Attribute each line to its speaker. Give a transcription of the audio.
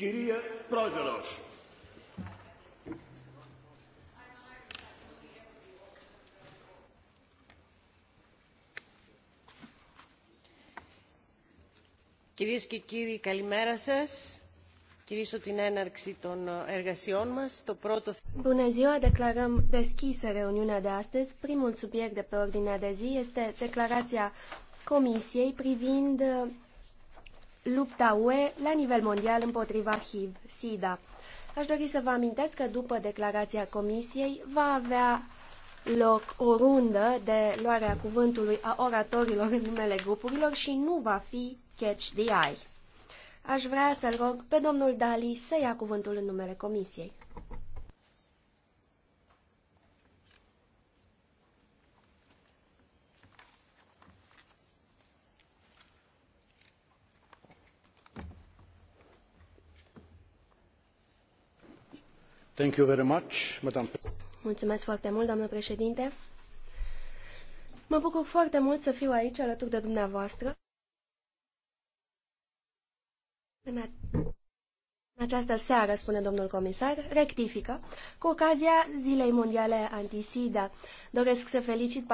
Speaker 1: Κυρία Πρόεδρος.
Speaker 2: Κυρίες και κύριοι, καλημέρα σας. Κυρίσω την έναρξη των εργασιών μας. Το πρώτο...
Speaker 3: Bună ziua, declarăm deschisă reuniunea de astăzi. Primul subiect de pe ordinea de zi este declarația Comisiei privind lupta UE la nivel mondial împotriva HIV-SIDA. Aș dori să vă amintesc că după declarația Comisiei va avea loc o rundă de luarea cuvântului a oratorilor în numele grupurilor și nu va fi catch the eye. Aș vrea să-l rog pe domnul Dali să ia cuvântul în numele Comisiei. Mulțumesc foarte mult, doamnă președinte. Mă bucur foarte mult să fiu aici alături de dumneavoastră. În această seară, spune domnul comisar, rectifică, cu ocazia Zilei Mondiale Antisida. Doresc să felicit